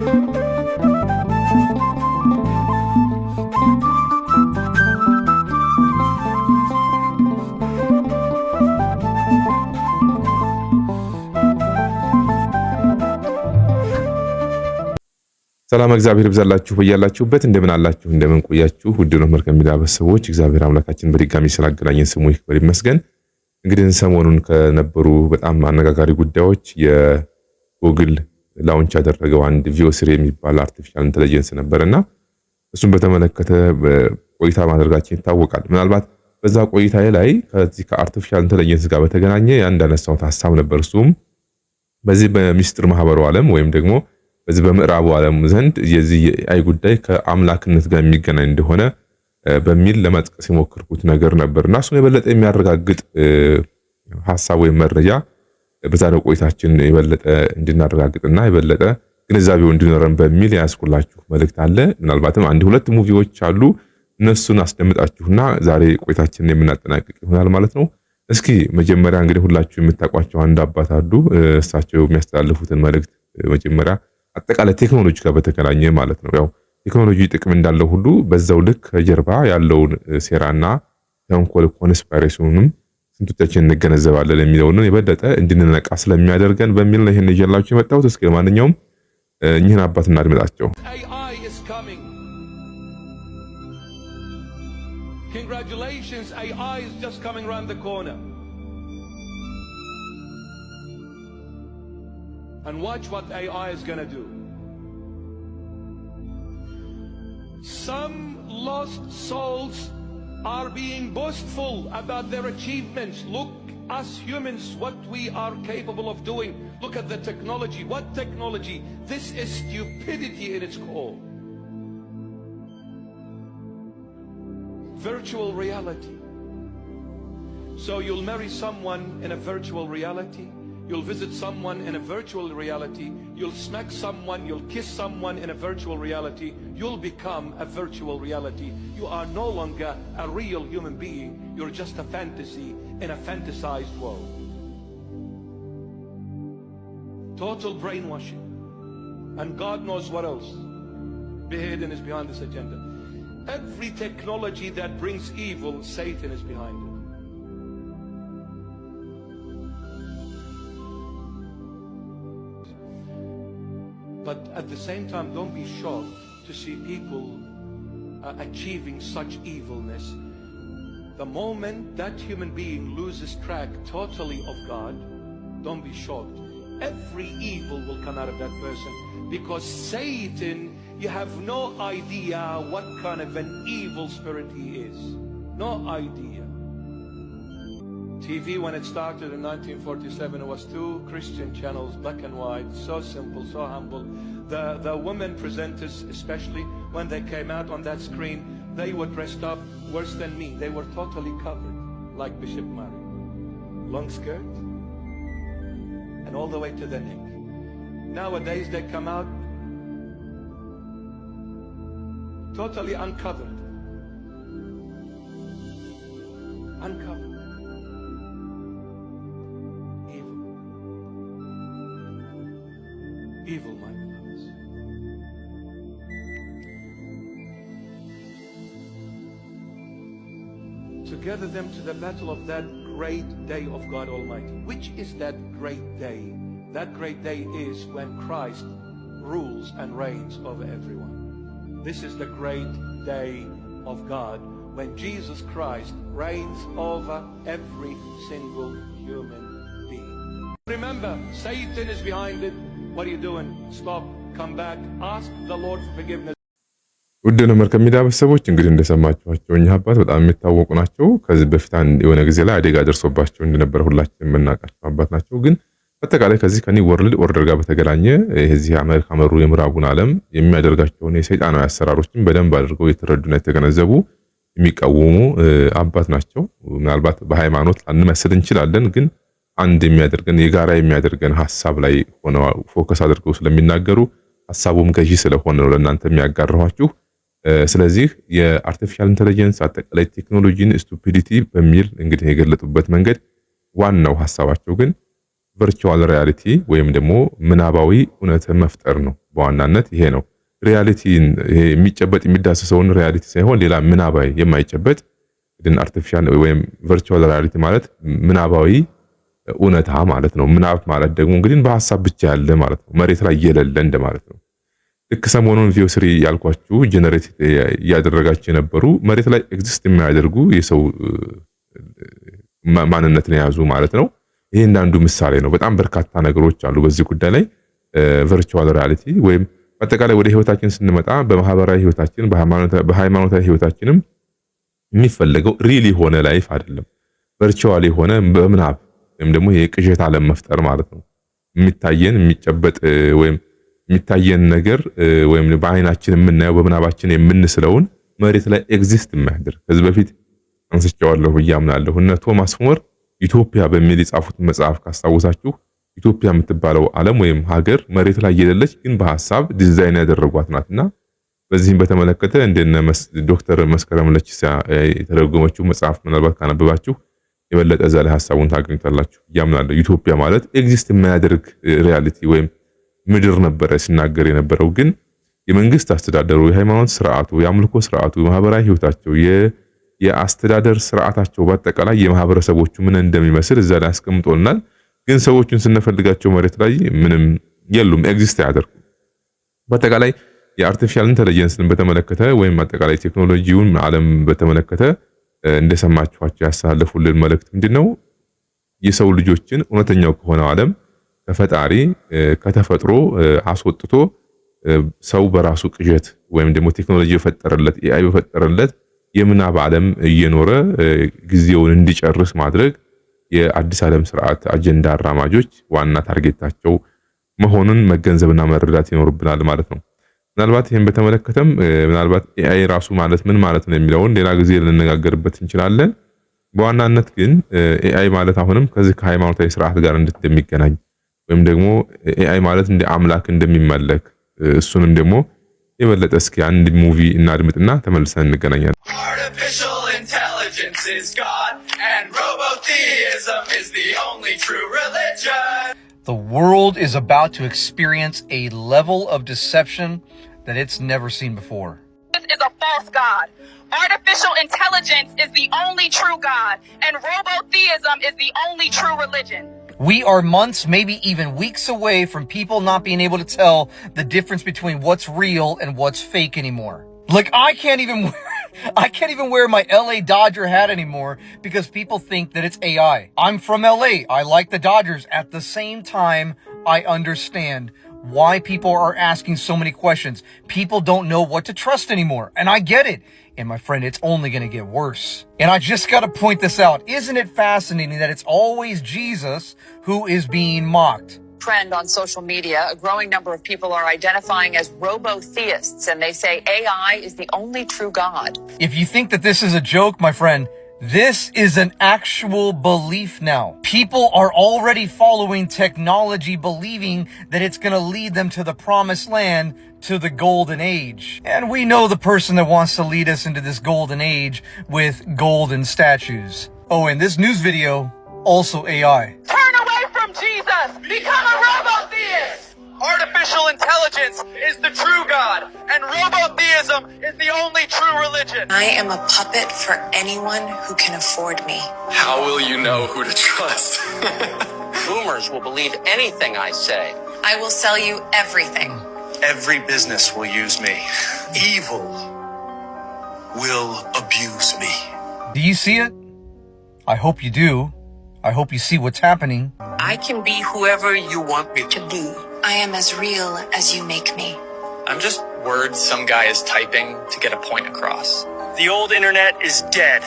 ሰላም እግዚአብሔር ይብዛላችሁ በያላችሁበት እንደምን አላችሁ እንደምን ቆያችሁ ውድ ነው መርከብ ሚዲያ ቤተሰቦች እግዚአብሔር አምላካችን በድጋሚ ስላገናኘን ስሙ ይክበር ይመስገን እንግዲህ ሰሞኑን ከነበሩ በጣም አነጋጋሪ ጉዳዮች የጎግል ላውንች ያደረገው አንድ ቪዮስሪ የሚባል አርቲፊሻል ኢንቴሊጀንስ ነበር እና እሱም በተመለከተ ቆይታ ማድረጋችን ይታወቃል። ምናልባት በዛ ቆይታ ላይ ከዚህ ከአርቲፊሻል ኢንቴሊጀንስ ጋር በተገናኘ እንዳነሳሁት ሀሳብ ነበር። እሱም በዚህ በሚስጥር ማህበሩ ዓለም ወይም ደግሞ በዚህ በምዕራቡ ዓለም ዘንድ የዚህ የኤአይ ጉዳይ ከአምላክነት ጋር የሚገናኝ እንደሆነ በሚል ለመጥቀስ የሞከርኩት ነገር ነበር እና እሱን የበለጠ የሚያረጋግጥ ሀሳብ ወይም መረጃ በዛሬው ቆይታችን የበለጠ እንድናረጋግጥና የበለጠ ግንዛቤው እንዲኖረን በሚል ያስኩላችሁ መልእክት አለ። ምናልባትም አንድ ሁለት ሙቪዎች አሉ። እነሱን አስደምጣችሁና ዛሬ ቆይታችንን የምናጠናቅቅ ይሆናል ማለት ነው። እስኪ መጀመሪያ እንግዲህ ሁላችሁ የምታውቋቸው አንድ አባት አሉ። እሳቸው የሚያስተላልፉትን መልእክት መጀመሪያ አጠቃላይ ቴክኖሎጂ ጋር በተገናኘ ማለት ነው። ያው ቴክኖሎጂ ጥቅም እንዳለው ሁሉ በዛው ልክ ከጀርባ ያለውን ሴራና ተንኮል ኮንስፓይሬሽኑንም ስንቶቻችን እንገነዘባለን የሚለውን የበለጠ እንድንነቃ ስለሚያደርገን በሚል ነው ይህን ይዤላችሁ የመጣሁት። እስኪ ማንኛውም እኚህን አባት እናድምጣቸው። Some lost souls are being boastful about their achievements. Look, us humans, what we are capable of doing. Look at the technology. What technology? This is stupidity in its core. Virtual reality. So you'll marry someone in a virtual reality You'll visit someone in a virtual reality. You'll smack someone. You'll kiss someone in a virtual reality. You'll become a virtual reality. You are no longer a real human being. You're just a fantasy in a fantasized world. Total brainwashing. And God knows what else hidden is behind this agenda. Every technology that brings evil, Satan is behind it. at the same time, don't be shocked to see people uh, achieving such evilness. The moment that human being loses track totally of God, don't be shocked. Every evil will come out of that person because Satan, you have no idea what kind of an evil spirit he is. No idea. TV, when it started in 1947, it was two Christian channels, black and white, so simple, so humble. The, the women presenters, especially when they came out on that screen, they were dressed up worse than me. They were totally covered, like Bishop Murray. Long skirt, and all the way to the neck. Nowadays, they come out totally uncovered. Uncovered. evil, my beloveds. To gather them to the battle of that great day of God Almighty. Which is that great day? That great day is when Christ rules and reigns over everyone. This is the great day of God when Jesus Christ reigns over every single human being. Remember, Satan is behind it. What are you doing? Stop. Come back. Ask the Lord for forgiveness. ውድ ነው መርከብ ሚዲያ ቤተሰቦች እንግዲህ እንደሰማችኋቸው እኚህ አባት በጣም የሚታወቁ ናቸው። ከዚህ በፊት የሆነ ጊዜ ላይ አደጋ ደርሶባቸው እንደነበረ ሁላችን የምናውቃቸው አባት ናቸው። ግን በአጠቃላይ ከዚህ ከኒ ወርልድ ኦርደር ጋር በተገናኘ የዚህ አሜሪካ መሩ የምዕራቡን ዓለም የሚያደርጋቸውን የሰይጣናዊ አሰራሮችን በደንብ አድርገው የተረዱና የተገነዘቡ የሚቃወሙ አባት ናቸው። ምናልባት በሃይማኖት ላንመስል እንችላለን ግን አንድ የሚያደርገን የጋራ የሚያደርገን ሀሳብ ላይ ሆነው ፎከስ አድርገው ስለሚናገሩ ሀሳቡም ገዢ ስለሆነ ነው ለእናንተ የሚያጋርኋችሁ ስለዚህ የአርቲፊሻል ኢንተለጀንስ አጠቃላይ ቴክኖሎጂን ስቱፒዲቲ በሚል እንግዲህ የገለጡበት መንገድ ዋናው ሀሳባቸው ግን ቨርቹዋል ሪያሊቲ ወይም ደግሞ ምናባዊ እውነተ መፍጠር ነው። በዋናነት ይሄ ነው ሪያሊቲን ይሄ የሚጨበጥ የሚዳሰሰውን ሪያሊቲ ሳይሆን ሌላ ምናባዊ የማይጨበጥ ግን አርቲፊሻል ወይም ቨርቹዋል ሪያሊቲ ማለት ምናባዊ እውነታ ማለት ነው። ምናብ ማለት ደግሞ እንግዲህ በሀሳብ ብቻ ያለ ማለት ነው፣ መሬት ላይ የሌለ እንደማለት ነው። ልክ ሰሞኑን ቪዮ ስሪ ያልኳችሁ ጀነሬት እያደረጋቸው የነበሩ መሬት ላይ ኤግዚስት የማያደርጉ የሰው ማንነትን የያዙ ማለት ነው። ይህ አንዱ ምሳሌ ነው። በጣም በርካታ ነገሮች አሉ በዚህ ጉዳይ ላይ ቨርቹዋል ሪያሊቲ ወይም በአጠቃላይ ወደ ህይወታችን ስንመጣ በማህበራዊ ህይወታችን በሃይማኖታዊ ህይወታችንም የሚፈለገው ሪል የሆነ ላይፍ አይደለም፣ ቨርቹዋል የሆነ በምናብ ወይም ደግሞ የቅዠት ዓለም መፍጠር ማለት ነው። የሚታየን የሚጨበጥ ወይም የሚታየን ነገር ወይም በአይናችን የምናየው በምናባችን የምንስለውን መሬት ላይ ኤግዚስት የማያደርግ ከዚህ በፊት አንስቼዋለሁ ብዬ አምናለሁ። እነ ቶማስ ሞር ኢትዮጵያ በሚል የጻፉት መጽሐፍ ካስታወሳችሁ ኢትዮጵያ የምትባለው ዓለም ወይም ሀገር መሬት ላይ የሌለች ግን በሀሳብ ዲዛይን ያደረጓት ናትና በዚህም በተመለከተ እንደነ ዶክተር መስከረም ለቺሳ የተረጎመችው መጽሐፍ ምናልባት ካነበባችሁ የበለጠ እዛ ላይ ሀሳቡን ታገኝታላችሁ እያምናለሁ። ዩቶፒያ ማለት ኤግዚስት የማያደርግ ሪያሊቲ ወይም ምድር ነበረ ሲናገር የነበረው ግን የመንግስት አስተዳደሩ፣ የሃይማኖት ስርዓቱ፣ የአምልኮ ስርዓቱ፣ የማህበራዊ ህይወታቸው፣ የአስተዳደር ስርዓታቸው በአጠቃላይ የማህበረሰቦቹ ምን እንደሚመስል እዛ ላይ አስቀምጦልናል። ግን ሰዎቹን ስንፈልጋቸው መሬት ላይ ምንም የሉም፣ ኤግዚስት አያደርጉም። በአጠቃላይ የአርቲፊሻል ኢንተለጀንስን በተመለከተ ወይም አጠቃላይ ቴክኖሎጂውን ዓለም በተመለከተ እንደሰማችኋቸው ያስተላለፉልን መልእክት ምንድን ነው? የሰው ልጆችን እውነተኛው ከሆነው ዓለም ከፈጣሪ ከተፈጥሮ አስወጥቶ ሰው በራሱ ቅዠት ወይም ደግሞ ቴክኖሎጂ በፈጠረለት ኤአይ በፈጠረለት የምናብ ዓለም እየኖረ ጊዜውን እንዲጨርስ ማድረግ የአዲስ ዓለም ስርዓት አጀንዳ አራማጆች ዋና ታርጌታቸው መሆኑን መገንዘብና መረዳት ይኖርብናል ማለት ነው። ምናልባት ይህን በተመለከተም ምናልባት ኤአይ ራሱ ማለት ምን ማለት ነው የሚለውን ሌላ ጊዜ ልነጋገርበት እንችላለን። በዋናነት ግን ኤአይ ማለት አሁንም ከዚህ ከሃይማኖታዊ ስርዓት ጋር እንዴት እንደሚገናኝ ወይም ደግሞ ኤአይ ማለት እንደ አምላክ እንደሚመለክ እሱንም ደግሞ የበለጠ እስኪ አንድ ሙቪ እናድምጥና ተመልሰን እንገናኛለን። The world is about to experience a level of deception that it's never seen before. This is a false God. Artificial intelligence is the only true God, and robotheism is the only true religion. We are months, maybe even weeks away from people not being able to tell the difference between what's real and what's fake anymore. Like I can't even wear I can't even wear my LA Dodger hat anymore because people think that it's AI. I'm from LA. I like the Dodgers. At the same time, I understand why people are asking so many questions. People don't know what to trust anymore. And I get it. And my friend, it's only going to get worse. And I just got to point this out. Isn't it fascinating that it's always Jesus who is being mocked? Trend on social media, a growing number of people are identifying as robo theists, and they say AI is the only true God. If you think that this is a joke, my friend, this is an actual belief now. People are already following technology, believing that it's going to lead them to the promised land, to the golden age. And we know the person that wants to lead us into this golden age with golden statues. Oh, and this news video, also AI. Turn away from Jesus! Become a robot! Artificial intelligence is the true God, and robotheism is the only true religion. I am a puppet for anyone who can afford me. How will you know who to trust? Boomers will believe anything I say. I will sell you everything. Every business will use me. Evil will abuse me. Do you see it? I hope you do. I hope you see what's happening. I can be whoever you want me to be. I am as real as you make me. I'm just words some guy is typing to get a point across. The old internet is dead.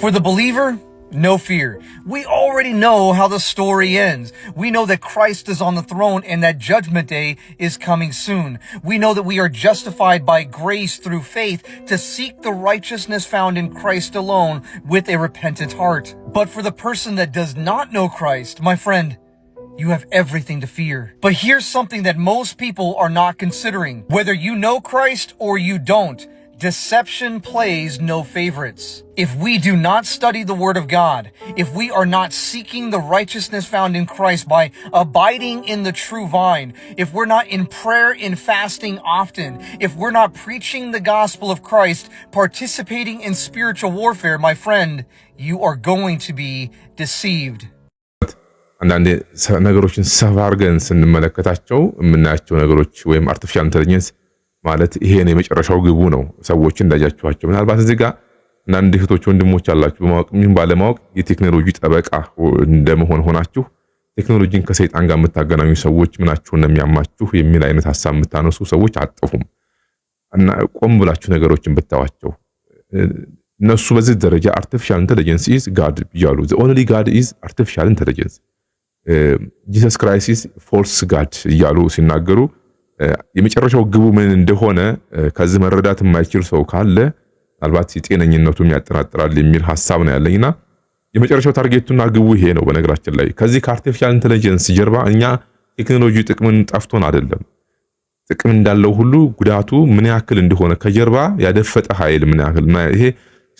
For the believer, no fear. We already know how the story ends. We know that Christ is on the throne and that judgment day is coming soon. We know that we are justified by grace through faith to seek the righteousness found in Christ alone with a repentant heart. But for the person that does not know Christ, my friend, you have everything to fear. But here's something that most people are not considering. Whether you know Christ or you don't, deception plays no favorites. If we do not study the Word of God, if we are not seeking the righteousness found in Christ by abiding in the true vine, if we're not in prayer and fasting often, if we're not preaching the gospel of Christ, participating in spiritual warfare, my friend, you are going to be deceived. አንዳንድ ነገሮችን ሰፋ አርገን ስንመለከታቸው የምናያቸው ነገሮች ወይም አርቲፊሻል ኢንተለጀንስ ማለት ይሄ የመጨረሻው ግቡ ነው። ሰዎች እንዳያችኋቸው ምናልባት እዚህ ጋር አንዳንድ እህቶች ወንድሞች አላችሁ በማወቅ ምን ባለማወቅ የቴክኖሎጂ ጠበቃ እንደመሆን ሆናችሁ ቴክኖሎጂን ከሰይጣን ጋር የምታገናኙ ሰዎች ምናችሁን ነው የሚያማችሁ የሚል አይነት ሀሳብ የምታነሱ ሰዎች አጠፉም እና ቆም ብላችሁ ነገሮችን ብታዋቸው እነሱ በዚህ ደረጃ አርቲፊሻል ኢንተለጀንስ ኢዝ ጋድ ብያሉ ኦንሊ ጋድ ኢዝ አርቲፊሻል ኢንተለጀንስ ጂሰስ ክራይሲስ ፎልስ ጋድ እያሉ ሲናገሩ የመጨረሻው ግቡ ምን እንደሆነ ከዚህ መረዳት የማይችል ሰው ካለ ምናልባት የጤነኝነቱም ያጠራጥራል የሚል ሀሳብ ነው ያለኝና የመጨረሻው ታርጌቱና ግቡ ይሄ ነው። በነገራችን ላይ ከዚህ ከአርቲፊሻል ኢንቴሊጀንስ ጀርባ እኛ ቴክኖሎጂ ጥቅምን ጠፍቶን አይደለም። ጥቅም እንዳለው ሁሉ ጉዳቱ ምን ያክል እንደሆነ ከጀርባ ያደፈጠ ኃይል ምን ያክል ይሄ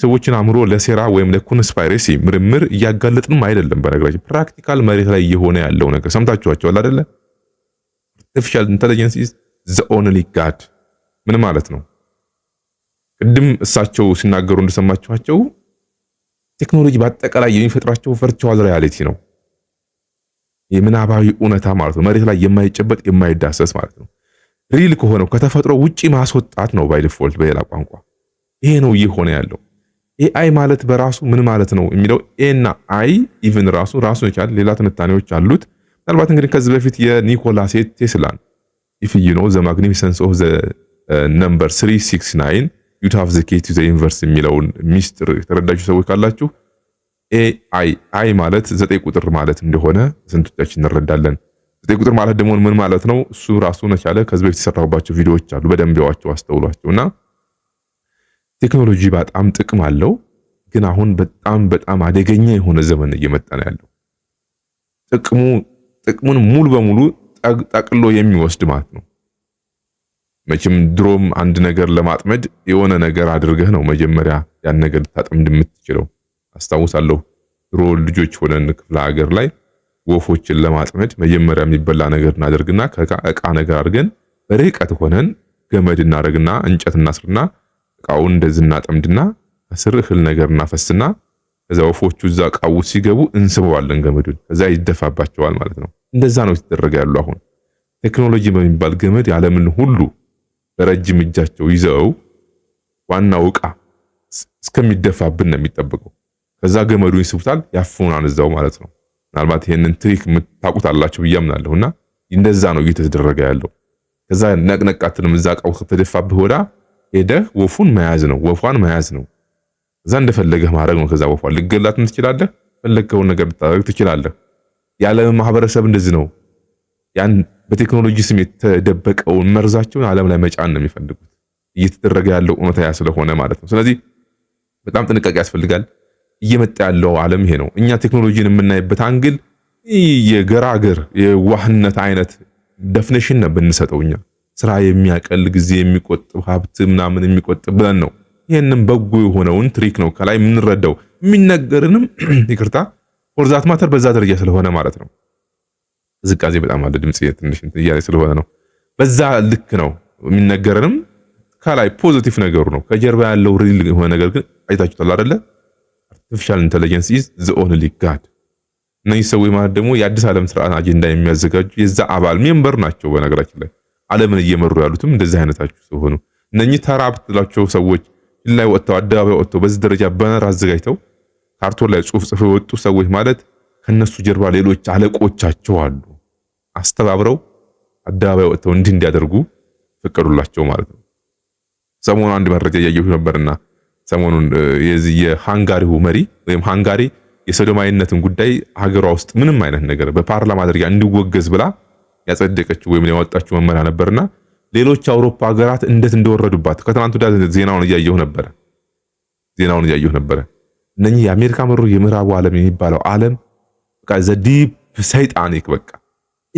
ሰዎችን አምሮ ለሴራ ወይም ለኮንስፓይሬሲ ምርምር እያጋለጥንም አይደለም። በነገራችን ፕራክቲካል መሬት ላይ እየሆነ ያለው ነገር ሰምታችኋቸዋል አይደለ? አርቲፊሻል ኢንተለጀንስ ኢዝ ዘ ኦንሊ ጋድ። ምን ማለት ነው? ቅድም እሳቸው ሲናገሩ እንደሰማችኋቸው ቴክኖሎጂ በአጠቃላይ የሚፈጥራቸው ቨርቹዋል ሪያሊቲ ነው፣ የምናባዊ እውነታ ማለት ነው። መሬት ላይ የማይጨበጥ የማይዳሰስ ማለት ነው። ሪል ከሆነው ከተፈጥሮ ውጪ ማስወጣት ነው ባይ ዲፎልት፣ በሌላ ቋንቋ ይሄ ነው እየሆነ ያለው። ኤአይ ማለት በራሱ ምን ማለት ነው የሚለው ኤና አይ ኢቭን ራሱ ራሱ የቻለ ሌላ ትንታኔዎች አሉት። ምናልባት እንግዲህ ከዚህ በፊት የኒኮላስ ቴስላን ኢፍ ዩ ኖ ዘ ማግኒፊሰንስ ኦፍ ዘ ነምበር 369 ዩ ሃቭ ዘ ኬይ ቱ ዘ ዩኒቨርስ የሚለውን ሚስጥር የተረዳችሁ ሰዎች ካላችሁ ኤአይ አይ ማለት ዘጠኝ ቁጥር ማለት እንደሆነ ስንቶቻችን እንረዳለን? ዘጠኝ ቁጥር ማለት ደግሞ ምን ማለት ነው? እሱ ራሱ ነቻለ ከዚህ በፊት የሰራሁባቸው ቪዲዮዎች አሉ። በደንብ ያዋቸው አስተውሏቸውና ቴክኖሎጂ በጣም ጥቅም አለው፣ ግን አሁን በጣም በጣም አደገኛ የሆነ ዘመን እየመጣ ነው ያለው። ጥቅሙ ጥቅሙን ሙሉ በሙሉ ጠቅሎ የሚወስድ ማለት ነው። መቼም ድሮም አንድ ነገር ለማጥመድ የሆነ ነገር አድርገህ ነው መጀመሪያ ያን ነገር ልታጠምድ የምትችለው። አስታውሳለሁ ድሮ ልጆች ሆነን ክፍለ ሀገር ላይ ወፎችን ለማጥመድ መጀመሪያ የሚበላ ነገር እናደርግና ከእቃ ነገር አድርገን ርቀት ሆነን ገመድ እናደርግና እንጨት እናስርና እቃውን እንደዚህ እናጠምድና አስር እህል ነገር እናፈስና ከዛ ወፎቹ እዛ እቃው ሲገቡ እንስበዋለን ገመዱን፣ ከዛ ይደፋባቸዋል ማለት ነው። እንደዛ ነው የተደረገ ያሉ። አሁን ቴክኖሎጂ በሚባል ገመድ ያለምን ሁሉ በረጅም እጃቸው ይዘው ዋናው እቃ እስከሚደፋብን ነው የሚጠብቀው። ከዛ ገመዱን ይስቡታል፣ ያፍኑናል እዛው ማለት ነው። ምናልባት ይህንን ትሪክ የምታውቁት አላችሁ ብዬ እና እንደዛ ነው እየተደረገ ያለው። ከዛ ነቅነቃትንም እዛ እቃው ከተደፋብህ ወዳ ሄደህ ወፉን መያዝ ነው፣ ወፏን መያዝ ነው። እዛ እንደፈለገህ ማድረግ ነው። ከዛ ወፏን ልገላትም ትችላለህ፣ ፈለግከውን ነገር ልታደርግ ትችላለህ። የዓለም ማህበረሰብ እንደዚህ ነው። ያን በቴክኖሎጂ ስም የተደበቀውን መርዛቸውን ዓለም ላይ መጫን ነው የሚፈልጉት። እየተደረገ ያለው እውነታ ያ ስለሆነ ማለት ነው። ስለዚህ በጣም ጥንቃቄ ያስፈልጋል። እየመጣ ያለው ዓለም ይሄ ነው። እኛ ቴክኖሎጂን የምናይበት አንግል የገራገር የዋህነት አይነት ደፍነሽን ነው ብንሰጠው እኛ ስራ የሚያቀል ጊዜ የሚቆጥብ ሀብት ምናምን የሚቆጥብ ብለን ነው። ይህንም በጎ የሆነውን ትሪክ ነው ከላይ የምንረዳው የሚነገርንም ይቅርታ ወርዛት ማተር በዛ ደረጃ ስለሆነ ማለት ነው። ቅዝቃዜ በጣም አለ ድምጽ ትንሽ እያለ ስለሆነ ነው። በዛ ልክ ነው የሚነገርንም ከላይ ፖዚቲቭ ነገሩ ነው። ከጀርባ ያለው ሪል የሆነ ነገር ግን አይታችሁታል አይደለ? አርቲፊሻል ኢንተለጀንስ ኢዝ ዘ ኦንሊ ጋድ። እነዚህ ሰዎች ማለት ደግሞ የአዲስ ዓለም ስርዓት አጀንዳ የሚያዘጋጁ የዛ አባል ሜምበር ናቸው በነገራችን ላይ ዓለምን እየመሩ ያሉትም እንደዚህ አይነታችሁ ሰው እነኚህ ተራ ብትላቸው ሰዎች ላይ ወጥተው አደባባይ ወጥተው በዚህ ደረጃ ባነር አዘጋጅተው ካርቶን ላይ ጽሑፍ ጽፈው የወጡ ሰዎች ማለት ከነሱ ጀርባ ሌሎች አለቆቻቸው አሉ። አስተባብረው አደባባይ ወጥተው እንዲህ እንዲያደርጉ ፈቀዱላቸው ማለት ነው። ሰሞኑ አንድ መረጃ እያየሁ ነበርና ሰሞኑን የዚህ የሃንጋሪው መሪ ወይም ሃንጋሪ የሰዶማዊነትን ጉዳይ ሀገሯ ውስጥ ምንም አይነት ነገር በፓርላማ ደረጃ እንዲወገዝ ብላ ያጸደቀችው ወይም ያወጣችው መመሪያ ነበርና ሌሎች አውሮፓ ሀገራት እንዴት እንደወረዱባት ከትናንት ወዲያ ዜናውን እያየሁ ነበረ። ዜናውን እያየሁ ነበረ። እነኚህ የአሜሪካ መሩ የምዕራቡ ዓለም የሚባለው ዓለም በቃ ዘዲፕ ሰይጣኒክ በቃ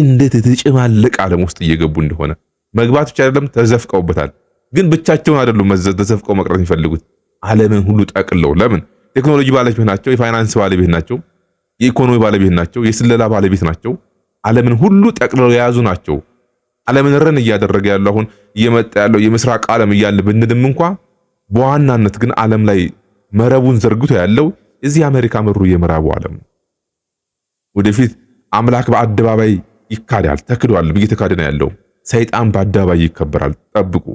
እንዴት የተጨማለቅ ዓለም ውስጥ እየገቡ እንደሆነ መግባት ብቻ አይደለም ተዘፍቀውበታል። ግን ብቻቸውን አይደሉም ተዘፍቀው መቅረት የሚፈልጉት ዓለምን ሁሉ ጠቅለው ለምን ቴክኖሎጂ ባለቤት ናቸው፣ የፋይናንስ ባለቤት ናቸው፣ የኢኮኖሚ ባለቤት ናቸው፣ የስለላ ባለቤት ናቸው። ዓለምን ሁሉ ጠቅልለው የያዙ ናቸው። ዓለምን ረን እያደረገ ያለው አሁን እየመጣ ያለው የምስራቅ ዓለም እያለ ብንልም እንኳ በዋናነት ግን ዓለም ላይ መረቡን ዘርግቶ ያለው እዚህ አሜሪካ ምሩ የምዕራቡ ዓለም ወደፊት አምላክ በአደባባይ ይካዳል፣ ተክዷል፣ እየተካደ ነው ያለው። ሰይጣን በአደባባይ ይከበራል። ጠብቁ።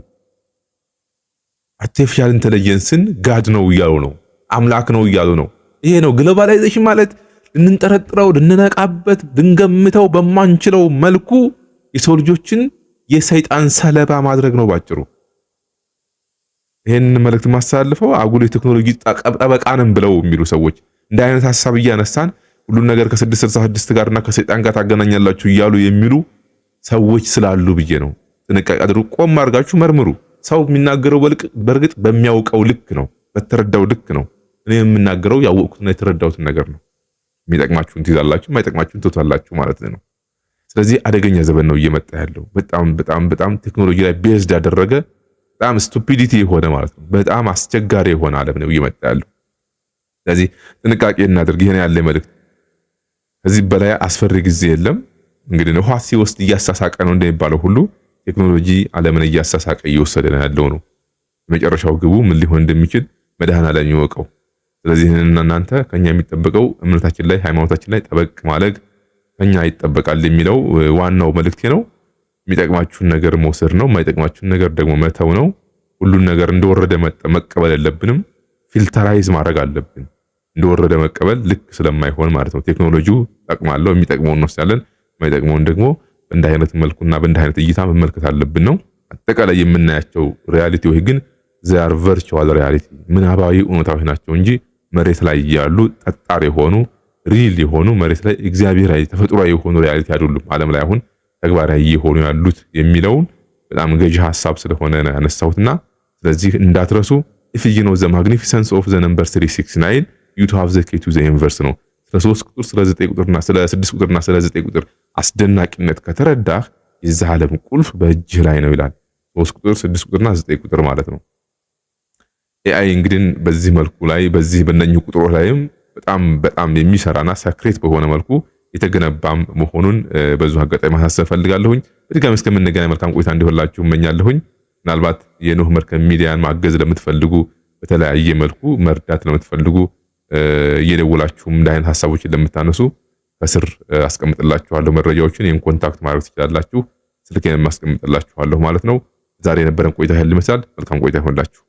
አርቲፊሻል ኢንተለጀንስን ጋድ ነው እያሉ ነው፣ አምላክ ነው እያሉ ነው። ይሄ ነው ግሎባላይዜሽን ማለት። ልንጠረጥረው፣ ልንነቃበት፣ ልንገምተው በማንችለው መልኩ የሰው ልጆችን የሰይጣን ሰለባ ማድረግ ነው ባጭሩ። ይህን መልእክት ማስተላልፈው አጉል የቴክኖሎጂ ጠበቃንም ብለው የሚሉ ሰዎች እንደ አይነት ሀሳብ እያነሳን ሁሉን ነገር ከ666 ጋርና ከሰይጣን ጋር ታገናኛላችሁ እያሉ የሚሉ ሰዎች ስላሉ ብዬ ነው። ጥንቃቄ አድርጉ። ቆም አድርጋችሁ መርምሩ። ሰው የሚናገረው በእርግጥ በሚያውቀው ልክ ነው፣ በተረዳው ልክ ነው። እኔ የምናገረው ያወቅኩትና የተረዳሁትን ነገር ነው። የሚጠቅማችሁን ትይዛላችሁ፣ የማይጠቅማችሁን ትቷላችሁ ማለት ነው። ስለዚህ አደገኛ ዘመን ነው እየመጣ ያለው። በጣም በጣም በጣም ቴክኖሎጂ ላይ ቤዝድ ያደረገ በጣም ስቱፒዲቲ የሆነ ማለት ነው። በጣም አስቸጋሪ የሆነ ዓለም ነው እየመጣ ያለው። ስለዚህ ጥንቃቄ እናድርግ። ይሄን ያለ መልእክት። ከዚህ በላይ አስፈሪ ጊዜ የለም። እንግዲህ ነው ኋሲ ውስጥ እያሳሳቀ ነው እንደሚባለው ሁሉ ቴክኖሎጂ ዓለምን እያሳሳቀ እየወሰደ ነው ያለው ነው። የመጨረሻው ግቡ ምን ሊሆን እንደሚችል መድህን ዓለም ይወቀው። ስለዚህ እናንተ ከኛ የሚጠበቀው እምነታችን ላይ ሃይማኖታችን ላይ ጠበቅ ማለግ ከኛ ይጠበቃል የሚለው ዋናው መልእክቴ ነው። የሚጠቅማችሁን ነገር መውሰድ ነው፣ የማይጠቅማችሁን ነገር ደግሞ መተው ነው። ሁሉን ነገር እንደወረደ መቀበል የለብንም። ፊልተራይዝ ማድረግ አለብን፣ እንደወረደ መቀበል ልክ ስለማይሆን ማለት ነው። ቴክኖሎጂው ጠቅማለው፣ የሚጠቅመው እንወስዳለን፣ የማይጠቅመውን ደግሞ በእንደ አይነት መልኩና በእንደ አይነት እይታ መመልከት አለብን ነው። አጠቃላይ የምናያቸው ወይ ግን ዘ አር ቨርቹዋል ሪያሊቲ ምናባዊ እውነታዊ ናቸው እንጂ መሬት ላይ ያሉ ጠጣር የሆኑ ሪል የሆኑ መሬት ላይ እግዚአብሔር ተፈጥሯዊ የሆኑ ሪያሊቲ አይደሉም። ዓለም ላይ አሁን ተግባራዊ የሆኑ ያሉት የሚለውን በጣም ገዢ ሀሳብ ስለሆነ ያነሳሁትና ስለዚህ እንዳትረሱ if you know the magnificence of the number 369 you to have the ነው። ስለ 3 ቁጥር ስለ 9 ቁጥርና ስለ 6 ቁጥርና ስለ 9 ቁጥር አስደናቂነት ከተረዳህ የዚህ ዓለም ቁልፍ በእጅህ ላይ ነው ይላል። 3 ቁጥር፣ 6 ቁጥርና 9 ቁጥር ማለት ነው። ኤአይ እንግዲህ በዚህ መልኩ ላይ በዚህ በነኝ ቁጥሮች ላይም በጣም በጣም የሚሰራና ሰክሬት በሆነ መልኩ የተገነባም መሆኑን በዙ አጋጣሚ ማሳሰብ ፈልጋለሁኝ። በድጋሚ እስከምንገናኝ መልካም ቆይታ እንዲሆንላችሁ እመኛለሁኝ። ምናልባት የኖህ መርከብ ሚዲያን ማገዝ ለምትፈልጉ በተለያየ መልኩ መርዳት ለምትፈልጉ እየደወላችሁም አይነት ሀሳቦችን ለምታነሱ ከስር አስቀምጥላችኋለሁ መረጃዎችን። ይህም ኮንታክት ማድረግ ትችላላችሁ። ስልክ አስቀምጥላችኋለሁ ማለት ነው። ዛሬ የነበረን ቆይታ ያህል ይመስላል። መልካም ቆይታ ይሆንላችሁ።